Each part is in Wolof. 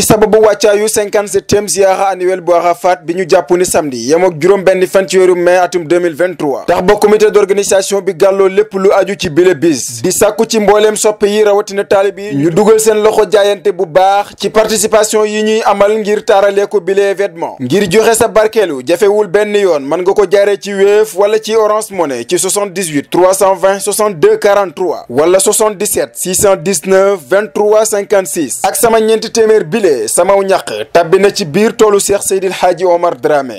ci sababu wàccaayu 57e ziara annuel bu Arafat bi ñu jàpp ni samedi yemook juróom benn fan ci weeru mai atum 2023 ba comité d'organisation bi gàlloo lépp lu aju ci bile bis di sàkku ci mbooleem sopp yi rawatina taalib yi ñu dugal seen loxo jaayante bu baax ci participation yi ñuy amal ngir taaralee ko bile événement ngir joxe sa barkeelu jafewul benn yoon mën nga ko jaaree ci Wave wala ci Orange Money ci 78 320 62 43 wala 77 619 23 56 ak sama ñeenti téeméer bile lile samaw ñaq tabbi na ci biir toolu Cheikh Seydil Hadji Omar Dramé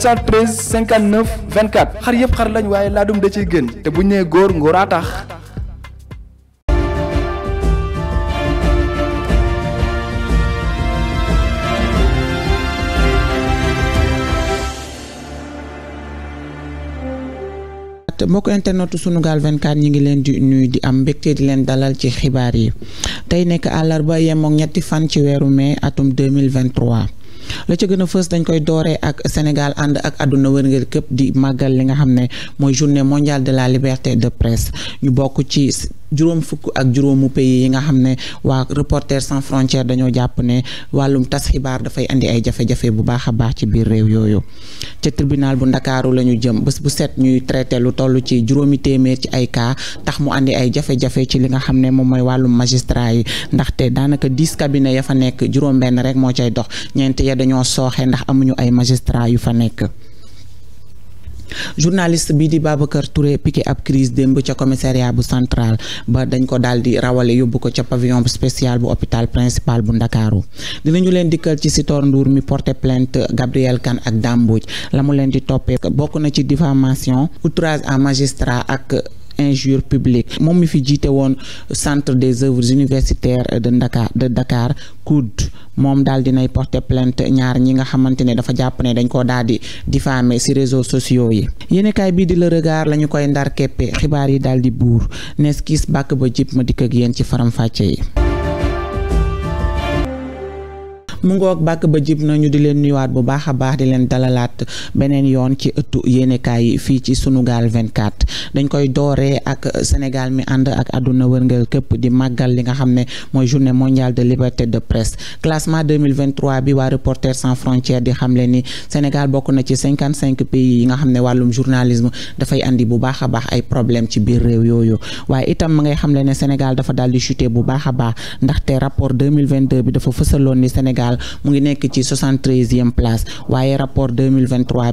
713 59 24 xar yëpp xar lañ waaye laa dum da ciy te bu ñu nee góor ngóoraa tax. mbokk internetu Sunugal 24 ñi ngi leen di nuyu di am mbégte di leen dalal ci xibaar yi tey nekk àllarba yemook ñetti fan ci weeru mai atum 2023 la ca gën a fës dañ koy dooree ak Sénégal ànd ak àdduna wërngël képp di màggal li nga xam ne mooy journée mondiale de la liberté de presse ñu bokk ci juróom fukk ak juróomu pays yi nga xam ne waa Reporters sans frontières dañoo jàpp ne wàllum tas xibaar dafay indi ay jafe-jafe bu baax a baax ci biir réew yooyu ca tribunal bu ndakaaru la ñu jëm bés bu set ñuy traité lu toll ci juróomi téeméer ci ay cas tax mu indi ay jafe-jafe ci li nga xam ne moom mooy wàllum magistrat yi ndaxte daanaka dix cabinet ya fa nekk juróom benn rek moo cay dox ñeent ya dañoo sooxee ndax amuñu ay magistrat yu fa nekk journaliste bii di Babacar Touré piqué ab crise démb ca commissariat bu central ba dañ ko daal di rawale yóbbu ko ca pavillon spécial bu hôpital principal bu Ndakaaru ñu leen dikkal ci Sitor Ndour mi porté plainte Gabriel kan ak Dame Mbodj la mu leen di toppee bokk na ci diffamation outrage en magistrat ak injure publique moom mi fi jiite woon centre des œuvres universitaires de Dakar de Dakar COUD moom daal dinay porter plainte ñaar ñi nga xamante ne dafa jàpp ne dañ ko daal di diffamer ci réseau sociaux yi yéenekaay bii di Le Regard la ñu koy ndar keppe xibaar yi daal di buur nes kiis bàkk ba jip ma dikk ak yéen ci faram fàcce yi mu ngoog bàkk ba jib na ñu di leen nuyuwaat bu baax a baax di leen dalalaat beneen yoon ci ëttu yéenekaay yi fii ci Sunugal 24 dañ koy dooree ak Sénégal mi ànd ak àdduna wërngal képp di màggal li nga xam ne mooy journée mondiale de liberté de presse classement 2023 bi waa Reporters sans frontières di xam le ni Sénégal bokk na ci 55 pays yi nga xam ne wàllum journalisme dafay andi bu baax a baax ay problème ci biir réew yooyu waaye itam ma ngay xam le ne Sénégal dafa daal di chuter bu baax a baax ndaxte rapport 2022 bi dafa fësaloon ni Sénégal Sénégal mu ngi nekk ci soixante treizième place waaye rapport deux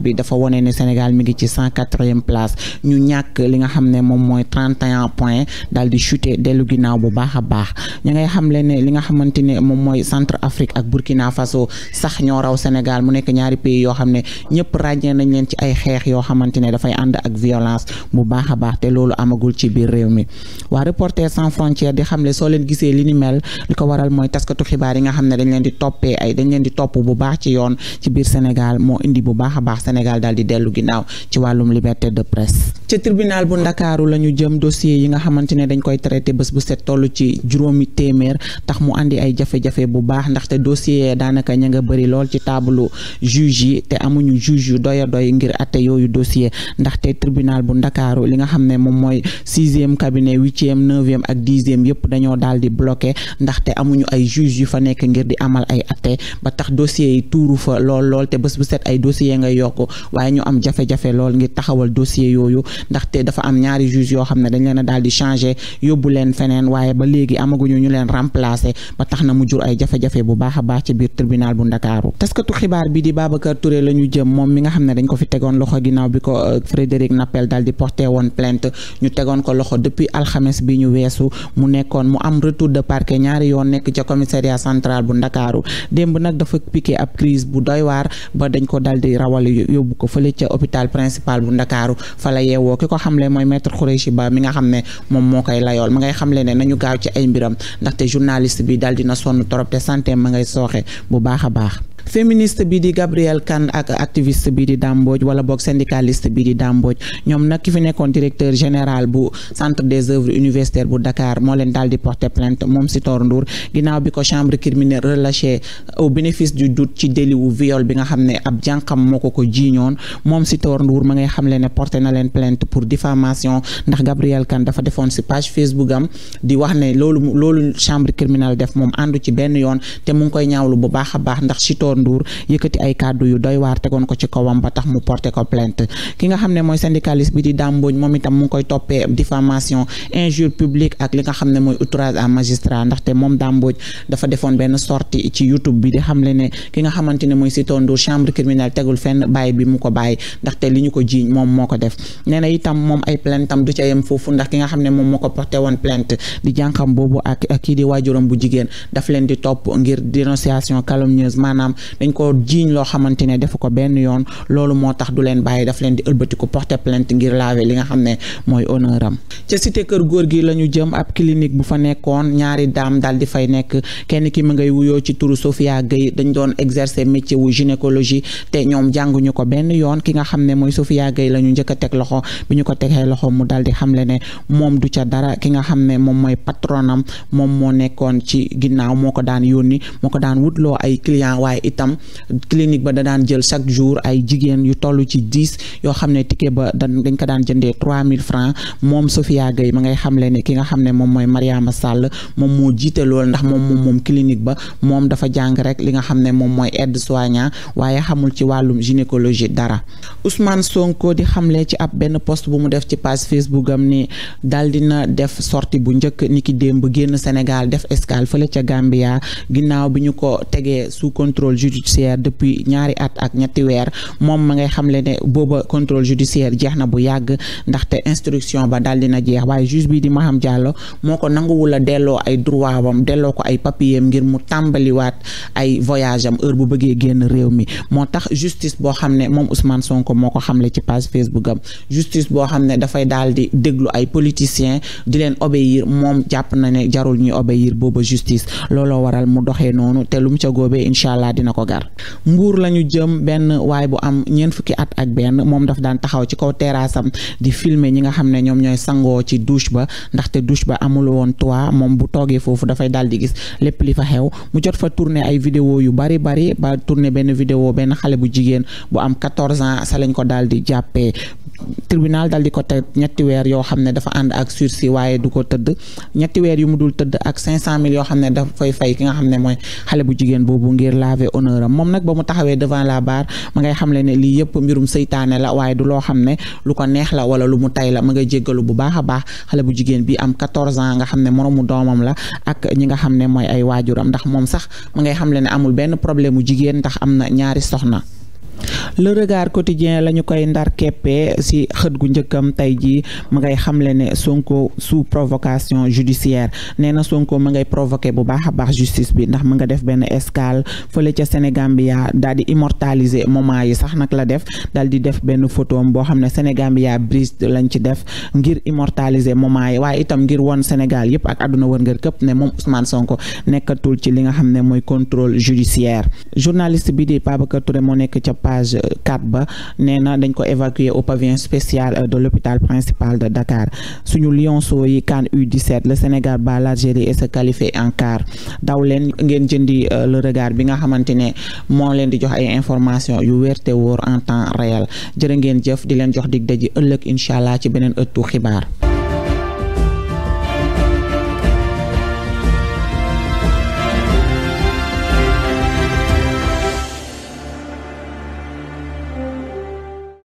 bi dafa wone ne Sénégal mi ngi ci cent place ñu ñàkk li nga xam ne moom mooy trente et un point daal di chuter dellu ginnaaw bu baax a baax ña ngay xamle ne li nga xamante ne moom mooy centre Afrique ak Burkina Faso sax ñoo raw Sénégal mu nekk ñaari pays yoo xam ne ñëpp ràññee nañ leen ci ay xeex yoo xamante ne dafay ànd ak violence bu baax a baax te loolu amagul ci biir réew mi waa Reporters sans frontières di xamle bari ay dañ leen di topp bu baax ci yoon ci biir Sénégal moo indi bu baax a baax Sénégal daal di dellu ginnaaw ci wàllum liberté de presse. ci tribunal bu ndakaaru la ñu jëm dossier yi nga xamante ne dañ koy traité bés bu set toll ci juróomi téeméer tax mu andi ay jafe-jafe bu baax ndaxte dossier daanaka ña nga bëri lool ci taabalu juge yi te amuñu juge yu doy a doy ngir atte yooyu dossier ndaxte tribunal bu ndakaaru li nga xam ne moom mooy sixième cabinet huitième neuvième ak dixième yëpp dañoo daal di bloqué te ba tax dossiers yi tuuru fa lool lool te bés bu set ay dossiers ngay yokk waaye ñu am jafe-jafe lool ngir taxawal dossier yooyu ndaxte dafa am ñaari juge yoo xam ne dañ leen a daal di changer yóbbu leen feneen waaye ba léegi amaguñu ñu leen remplacer ba tax na mu jur ay jafe bu baax a baax biir tribunal bu ndakaaru taskatu xibaar bi di Babacar Touré la ñu jëm moom mi nga xam ne dañ ko fi tegoon loxo ginnaaw bi ko euh, Frédéric Nappel daal di porté woon plainte ñu tegoon ko loxo depuis alxames bi ñu weesu mu nekkoon mu am retour de parquet ñaari yoon nekk ca commissariat central bu ndakaaru démb nag dafa piqué ab crise bu doy waar ba dañ ko dal di rawal yóbbu ko fële ca hôpital principal bu ndakaaru fa yeewoo ki ko xamle mooy maître Khoureychi Ba mi nga xam ne moom moo koy layool ma ngay xamle ne nañu gaaw ci ay mbiram ndaxte journaliste bi dal na sonn torop te santé ma ngay sooxee bu baax a baax féministe bi di Gabrielle Kane ak activiste bi di Damboj wala boog syndicaliste bi di Damboj ñoom nag ki fi nekkoon directeur général bu centre des œuvres universitaires bu Dakar moo leen daal di porter plainte moom Sitor Ndour ginnaaw bi ko chambre criminelle relâché au bénéfice du doute ci délit wu viol bi nga xam ne ab jànqam moo ko ko jiiñoon moom Sitor nduur ma ngay xam leen ne porté na leen plainte pour diffamation ndax Gabrielle kan dafa defoon si page Facebook am di wax ne loolu loolu chambre criminelle def moom àndu ci benn yoon te mu Ndour yëkkati ay kàddu yu doy waar tegoon ko ci kawam ba tax mu porté ko plainte ki nga xam ne mooy syndicaliste bi di dàmbooñ moom itam mu ngi koy toppee diffamation injure publique ak li nga xam ne mooy outrage moom dàmbooj dafa chambre criminelle tegul fenn bàyyi bi mu ko bàyyi ndaxte li ñu ko jiiñ moom moo ko def nee na moom ay plainte du ca foofu ndax ki nga xam ne moom moo ko porté woon plainte di jànkam boobu ak kii di waajuram bu jigéen daf leen dañ ko jiiñ loo xamante ne defu ko benn yoon loolu moo tax du leen bàyyi daf leen di ëlbatiku porter plainte ngir laver li nga xam ne mooy honneur am ca cité kër góor gi la ñu jëm ab clinique bu fa nekkoon ñaari daam dal di fay nekk kenn ki ma ngay wuyoo ci turu Sophia Gueye dañ doon exercer métier wu gynécologie te ñoom jànguñu ko benn yoon ki nga xam ne mooy Sophia Gueye la ñu njëkk a teg loxo bi ñu ko tegee loxo mu daal di xamle ne moom du ca dara ki nga xam ne moom mooy patronam moom moo nekkoon ci ginnaaw moo ko daan yónni moo itam clinique ba da daan jël chaque jour ay jigéen yu toll ci yoo xam ne ticket ba dañ ko daan jëndee trois mille francs moom Sophia Gueye ma ngay xamle ne ki nga xam ne moom mooy Mariama Sall moom moo jiite lool ndax moom moom moom clinique ba moom dafa jàng rek li nga xam ne moom mooy aide soignant waaye xamul ci wàllum gynécologie dara Ousmane Sonko di xamle ci ab benn post bu mu def ci page Facebook am ni dal dina def sorti bu njëkk niki démb génn Sénégal def escale ca Gambia judiciaire depuis ñaari at ak ñetti weer moom ma ngay xamle ne booba contrôle judiciaire jeex na bu yàgg ndaxte instruction ba daal dina jeex waaye juge bi di ma Maham Diallo moo ko nanguwul a delloo ay droit wam delloo ko ay papier ngir mu tàmbaliwaat ay voyage am heure bu bëggee génn réew mi moo tax justice boo xam ne moom Ousmane sonk moo ko xamle ci page Facebook am justice boo xam ne dafay daal di déglu ay politiciens di leen obéir moom jàpp na na ko gar mbuur la ñu jëm benn waay bu am ñeent fukki at ak benn moom daf daan taxaw ci kaw terrassam di filmer ñi nga xam ne ñoom ñooy sangoo ci douche ba ndaxte douche ba amul woon toit moom bu toogee foofu dafay daal di gis lépp li fa xew mu jot fa tourner ay vidéo yu bari bari ba tourner benn vidéo benn xale bu jigéen bu am 14 ans sa ko daal di jàppee tribunal dal di ko teg ñetti weer yoo xam ne dafa ànd ak sursis waaye du ko tëdd ñetti weer yu mu dul tëdd ak 500000 yoo xam ne dafa koy fay ki nga xam ne mooy xale bu jigéen boobu ngir laver honneur am moom nag ba mu taxawee devant la barre ma ngay xam le ne lii yëpp mbirum seytaane la waaye du loo xam ne lu ko neex la wala lu mu tay la ma nga jéggalu bu baax a baax xale bu jigéen bi am 14 ans nga xam ne moroomu doomam la ak ñi nga xam ne mooy ay waajuram ndax moom sax ma ngay xam le ne amul benn problème mu jigéen ndax am na ñaari soxna le regard quotidien la ñu koy ndar keppee si xët gu njëkkam tey jii ma ngay xamle ne Sonko sous provocation judiciaire nee na Sonko ma ngay provoqué bu baax a baax justice bi ndax mu nga def benn escale fële ca Sénégambia daal di immortaliser moment yi sax nag la def daal di def benn photom boo xam ne sénégal Sénégambia brise lañ ci def ngir immortaliser moment yi waaye itam ngir won Sénégal yëpp ak àdduna wërngër këpp ne moom Ousmane Sonko nekkatul ci li nga xam ne mooy contrôle judiciaire page 4 ba nee na dañ ko évacuer au pavillon spéciale euh, de l'hôpital principal de Dakar suñu lionceaux yi CAN U17 le Sénégal bat l'Algérie et se qualifie en quart daw leen ngeen jëndi euh, le regard bi nga xamante ne moo leen di jox ay information yu wér woor en temps réel jërë ngeen jëf di leen jox dig daji ëllëg incha allah ci beneen ëttu xibaar